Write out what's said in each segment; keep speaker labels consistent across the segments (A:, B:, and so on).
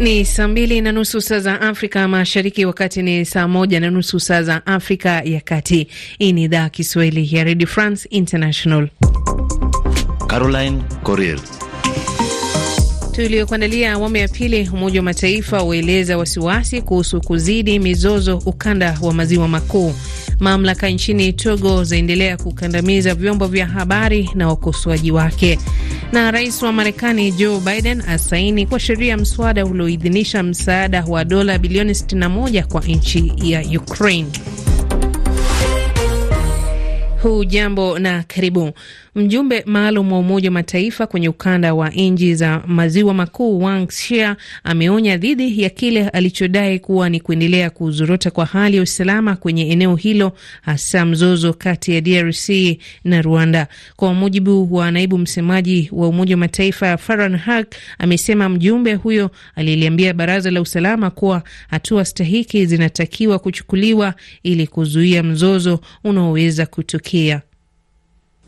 A: Ni saa mbili na nusu saa za Afrika Mashariki, wakati ni saa moja na nusu saa za Afrika ya Kati. Hii ni idhaa Kiswahili ya Redio France International.
B: Caroline Corrier
A: Tuliyokuandalia awamu ya pili. Umoja wa Mataifa waeleza wasiwasi kuhusu kuzidi mizozo ukanda wa maziwa makuu. Mamlaka nchini Togo zaendelea kukandamiza vyombo vya habari na wakosoaji wake. Na rais wa Marekani Joe Biden asaini kwa sheria mswada ulioidhinisha msaada wa dola bilioni 61 kwa nchi ya Ukraine. Hujambo na karibu. Mjumbe maalum wa Umoja wa Mataifa kwenye ukanda wa nchi za maziwa makuu Wang ameonya dhidi ya kile alichodai kuwa ni kuendelea kuzorota kwa hali ya usalama kwenye eneo hilo, hasa mzozo kati ya DRC na Rwanda. Kwa mujibu wa naibu msemaji wa Umoja wa Mataifa Faran Haq, amesema mjumbe huyo aliliambia Baraza la Usalama kuwa hatua stahiki zinatakiwa kuchukuliwa ili kuzuia mzozo unaoweza kutokea.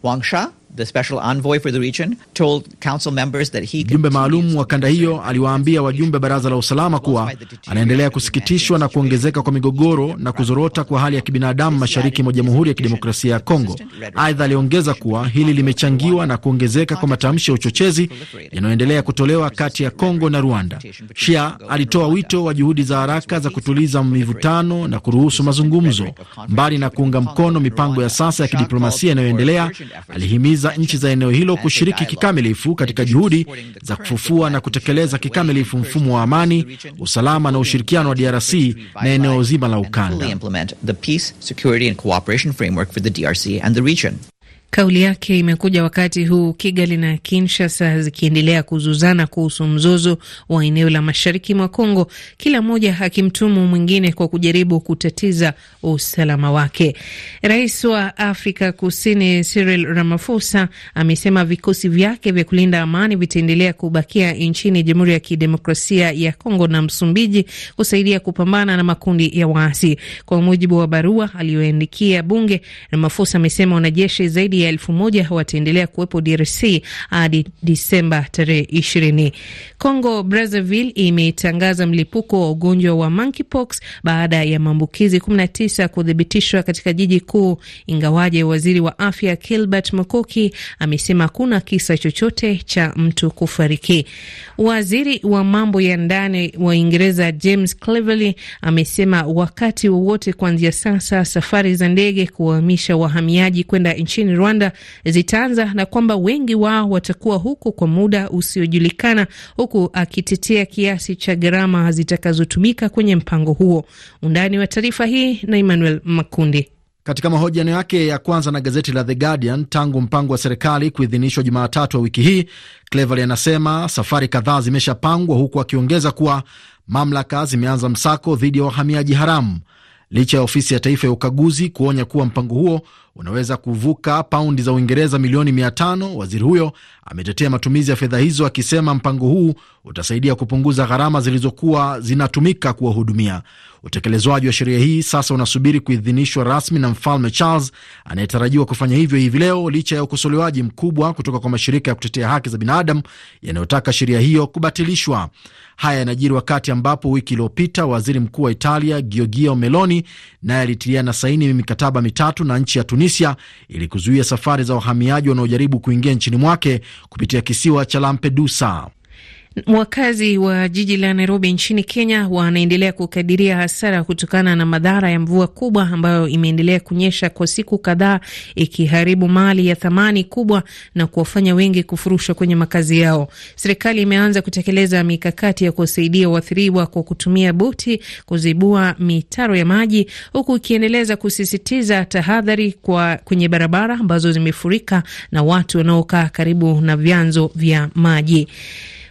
C: 网上。the special envoy for the region told council members that he mjumbe maalum wa kanda hiyo aliwaambia wajumbe baraza la usalama kuwa anaendelea kusikitishwa na kuongezeka kwa migogoro na kuzorota kwa hali ya kibinadamu mashariki mwa Jamhuri ya Kidemokrasia ya Kongo. Aidha, aliongeza kuwa hili limechangiwa na kuongezeka kwa matamshi ya uchochezi yanayoendelea kutolewa kati ya Kongo na Rwanda. Shia alitoa wito wa juhudi za haraka za kutuliza mivutano na kuruhusu mazungumzo. Mbali na kuunga mkono mipango ya sasa ya kidiplomasia inayoendelea, alihimiza za nchi za eneo hilo kushiriki kikamilifu katika juhudi za kufufua na kutekeleza kikamilifu mfumo wa amani, usalama na ushirikiano wa DRC na eneo zima la ukanda.
A: Kauli yake imekuja wakati huu Kigali na Kinshasa zikiendelea kuzuzana kuhusu mzozo wa eneo la mashariki mwa Kongo, kila mmoja akimtumu mwingine kwa kujaribu kutatiza usalama wake. Rais wa Afrika Kusini Cyril Ramaphosa amesema vikosi vyake vya kulinda amani vitaendelea kubakia nchini Jamhuri ya Kidemokrasia ya Kongo na Msumbiji kusaidia kupambana na makundi ya waasi. Kwa mujibu wa barua aliyoandikia bunge, Ramaphosa amesema wanajeshi zaidi ya elfu moja wataendelea kuwepo DRC hadi Disemba tarehe ishirini. Congo Brazzaville imetangaza mlipuko wa ugonjwa wa monkeypox baada ya maambukizi 19 kuthibitishwa katika jiji kuu, ingawaje waziri wa afya kilbert Mokoki amesema hakuna kisa chochote cha mtu kufariki. Waziri wa mambo ya ndani wa Uingereza James Cleverly amesema wakati wowote kuanzia sasa safari za ndege kuwahamisha wahamiaji kwenda nchini Rwanda Rwanda zitaanza na kwamba wengi wao watakuwa huko kwa muda usiojulikana, huku akitetea kiasi cha gharama zitakazotumika kwenye mpango huo. Undani wa taarifa hii na Emmanuel Makundi. Katika mahojiano yake ya
C: kwanza na gazeti la The Guardian tangu mpango wa serikali kuidhinishwa Jumatatu wa wiki hii, Cleverly anasema safari kadhaa zimeshapangwa, huku akiongeza kuwa mamlaka zimeanza msako dhidi ya wahamiaji haramu licha ya ofisi ya taifa ya ukaguzi kuonya kuwa mpango huo unaweza kuvuka paundi za Uingereza milioni mia tano. Waziri huyo ametetea matumizi ya fedha hizo akisema mpango huu utasaidia kupunguza gharama zilizokuwa zinatumika kuwahudumia. Utekelezwaji wa sheria hii sasa unasubiri kuidhinishwa rasmi na Mfalme Charles anayetarajiwa kufanya hivyo hivi leo, licha ya ukosolewaji mkubwa kutoka kwa mashirika ya kutetea haki za binadamu yanayotaka sheria hiyo kubatilishwa. Haya yanajiri wakati ambapo wiki iliyopita waziri mkuu wa Italia Giorgia Meloni naye alitiliana saini mikataba mitatu na nchi ya Tunisia Tunisia ili kuzuia safari za wahamiaji wanaojaribu kuingia nchini mwake kupitia kisiwa cha Lampedusa.
A: Wakazi wa jiji la Nairobi nchini Kenya wanaendelea kukadiria hasara kutokana na madhara ya mvua kubwa ambayo imeendelea kunyesha kwa siku kadhaa, ikiharibu mali ya thamani kubwa na kuwafanya wengi kufurushwa kwenye makazi yao. Serikali imeanza kutekeleza mikakati ya kuwasaidia waathiriwa kwa kutumia boti kuzibua mitaro ya maji, huku ikiendeleza kusisitiza tahadhari kwa kwenye barabara ambazo zimefurika na watu wanaokaa karibu na vyanzo vya maji.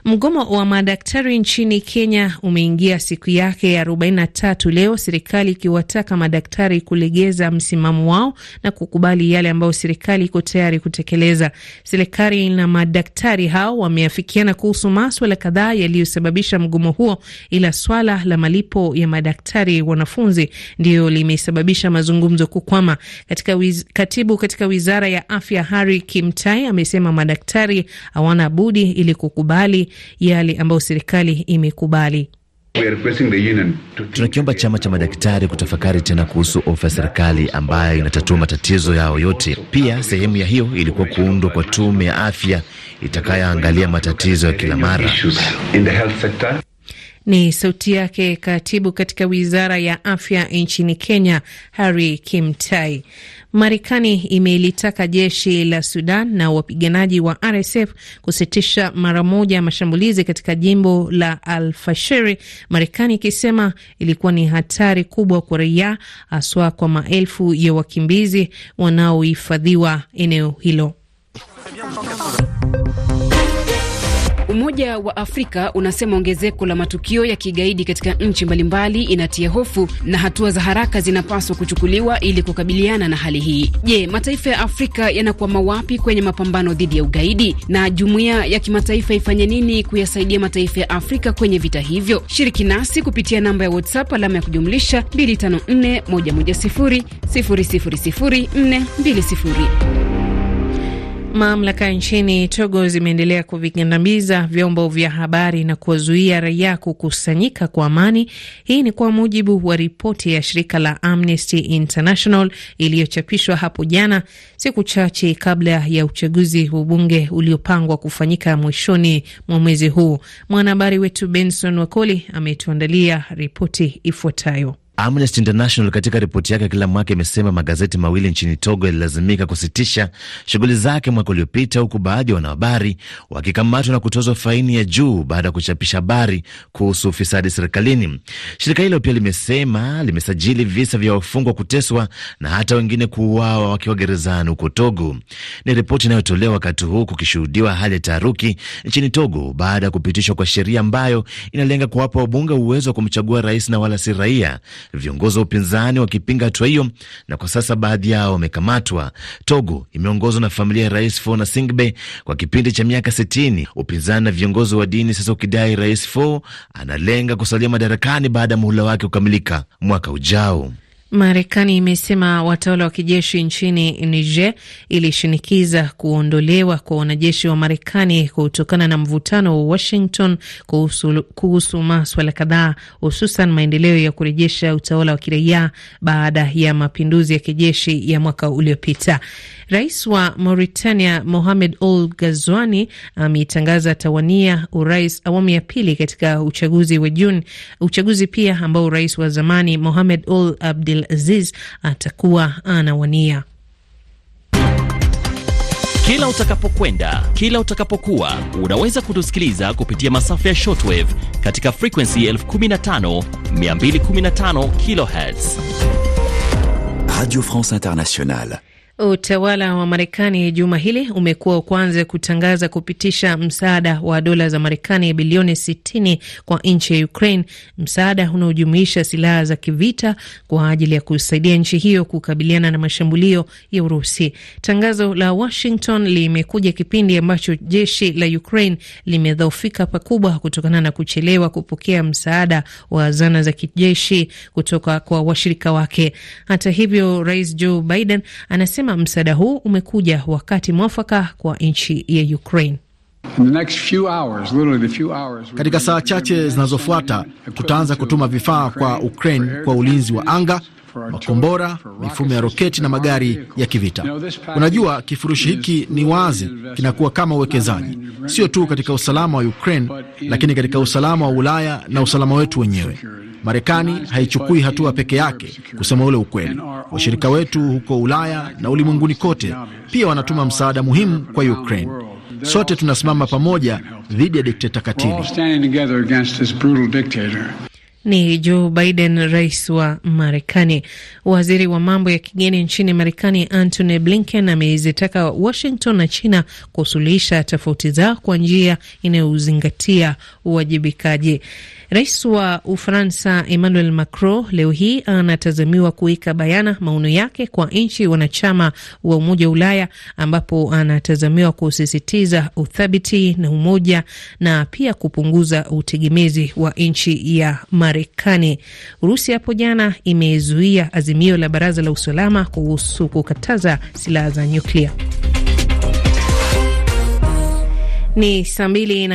A: Mgomo wa madaktari nchini Kenya umeingia siku yake ya 43 leo, serikali ikiwataka madaktari kulegeza msimamo wao na kukubali yale ambayo serikali iko tayari kutekeleza. Serikali na madaktari hao wameafikiana kuhusu maswala kadhaa yaliyosababisha mgomo huo, ila swala la malipo ya madaktari wanafunzi ndiyo limesababisha mazungumzo kukwama. Katika wiz, katibu katika wizara ya afya Harry Kimtai amesema madaktari hawana budi ili kukubali yale ambayo serikali imekubali.
B: Tunakiomba chama cha madaktari kutafakari tena kuhusu ofa ya serikali ambayo inatatua matatizo yao yote. Pia sehemu ya hiyo ilikuwa kuundwa kwa tume ya afya itakayoangalia matatizo ya kila mara.
A: Ni sauti yake katibu katika wizara ya afya nchini Kenya, Harry Kimtai. Marekani imelitaka jeshi la Sudan na wapiganaji wa RSF kusitisha mara moja mashambulizi katika jimbo la Al Marekani ikisema ilikuwa ni hatari kubwa kwa raia, haswa kwa maelfu ya wakimbizi wanaohifadhiwa eneo hilo. Umoja wa Afrika unasema ongezeko la matukio ya kigaidi katika nchi mbalimbali inatia hofu na hatua za haraka zinapaswa kuchukuliwa ili kukabiliana na hali hii. Je, mataifa ya Afrika yanakwama wapi kwenye mapambano dhidi ya ugaidi na jumuiya ya kimataifa ifanye nini kuyasaidia mataifa ya Afrika kwenye vita hivyo? Shiriki nasi kupitia namba ya WhatsApp alama ya kujumlisha 254110000420. Mamlaka nchini Togo zimeendelea kuvikandamiza vyombo vya habari na kuwazuia raia kukusanyika kwa amani. Hii ni kwa mujibu wa ripoti ya shirika la Amnesty International iliyochapishwa hapo jana, siku chache kabla ya uchaguzi wa bunge uliopangwa kufanyika mwishoni mwa mwezi huu. Mwanahabari wetu Benson Wakoli ametuandalia ripoti ifuatayo.
B: Amnesty International katika ripoti yake kila mwaka imesema magazeti mawili nchini Togo yalilazimika kusitisha shughuli zake mwaka uliopita, huku baadhi ya wanahabari wakikamatwa na kutozwa faini ya juu baada ya kuchapisha habari kuhusu ufisadi serikalini. Shirika hilo pia limesema limesajili visa vya wafungwa kuteswa na hata wengine kuuawa wakiwa gerezani huko Togo. Ni ripoti inayotolewa wakati huu kukishuhudiwa hali ya taharuki nchini Togo baada ya kupitishwa kwa sheria ambayo inalenga kuwapa wabunge uwezo wa kumchagua rais na wala si raia viongozi wa upinzani wakipinga hatua hiyo, na kwa sasa baadhi yao wamekamatwa. Togo imeongozwa na familia ya Rais Faure Singbe kwa kipindi cha miaka 60 upinzani na viongozi wa dini sasa ukidai Rais Faure analenga kusalia madarakani baada ya muhula wake kukamilika mwaka ujao.
A: Marekani imesema watawala wa kijeshi nchini Niger ilishinikiza kuondolewa kwa wanajeshi wa Marekani kutokana na mvutano wa Washington kuhusu, kuhusu maswala kadhaa hususan maendeleo ya kurejesha utawala wa kiraia baada ya mapinduzi ya kijeshi ya mwaka uliopita. Rais wa Mauritania Mohamed Ould Ghazouani ametangaza tawania urais awamu ya pili katika uchaguzi wa Juni, uchaguzi pia ambao rais wa zamani Mohamed Ould Abdel Aziz atakuwa anawania.
B: Kila utakapokwenda, kila utakapokuwa, unaweza kutusikiliza kupitia masafa ya shortwave katika frequency 15215 kh Radio France Internationale.
A: Utawala wa Marekani juma hili umekuwa wa kwanza kutangaza kupitisha msaada wa dola za Marekani bilioni 60 kwa nchi ya Ukraine, msaada unaojumuisha silaha za kivita kwa ajili ya kusaidia nchi hiyo kukabiliana na mashambulio ya Urusi. Tangazo la Washington limekuja kipindi ambacho jeshi la Ukraine limedhoofika pakubwa kutokana na kuchelewa kupokea msaada wa zana za kijeshi kutoka kwa washirika wake. Hata hivyo, Rais Joe Biden anasema amesema msaada huu umekuja wakati mwafaka kwa nchi ya Ukraine.
B: katika
C: saa chache zinazofuata
A: tutaanza kutuma vifaa kwa
C: Ukraine kwa ulinzi wa anga makombora, mifumo ya roketi na magari ya kivita. Unajua, kifurushi hiki ni wazi kinakuwa kama uwekezaji, sio tu katika usalama wa Ukraine, lakini katika usalama wa Ulaya na usalama wetu wenyewe. Marekani haichukui hatua peke yake, kusema ule ukweli. Washirika wetu huko Ulaya na ulimwenguni kote pia wanatuma msaada muhimu kwa Ukraine. Sote tunasimama pamoja dhidi ya dikteta katili.
A: Ni Joe Biden, rais wa Marekani. Waziri wa mambo ya kigeni nchini Marekani, Antony Blinken, amezitaka Washington na China kusuluhisha tofauti zao kwa njia inayozingatia uwajibikaji. Rais wa Ufaransa Emmanuel Macron leo hii anatazamiwa kuweka bayana maono yake kwa nchi wanachama wa Umoja wa Ulaya, ambapo anatazamiwa kusisitiza uthabiti na umoja na pia kupunguza utegemezi wa nchi ya Marekani. Marekani. Urusi hapo jana imezuia azimio la baraza la usalama kuhusu kukataza silaha za nyuklia. Ni saa mbili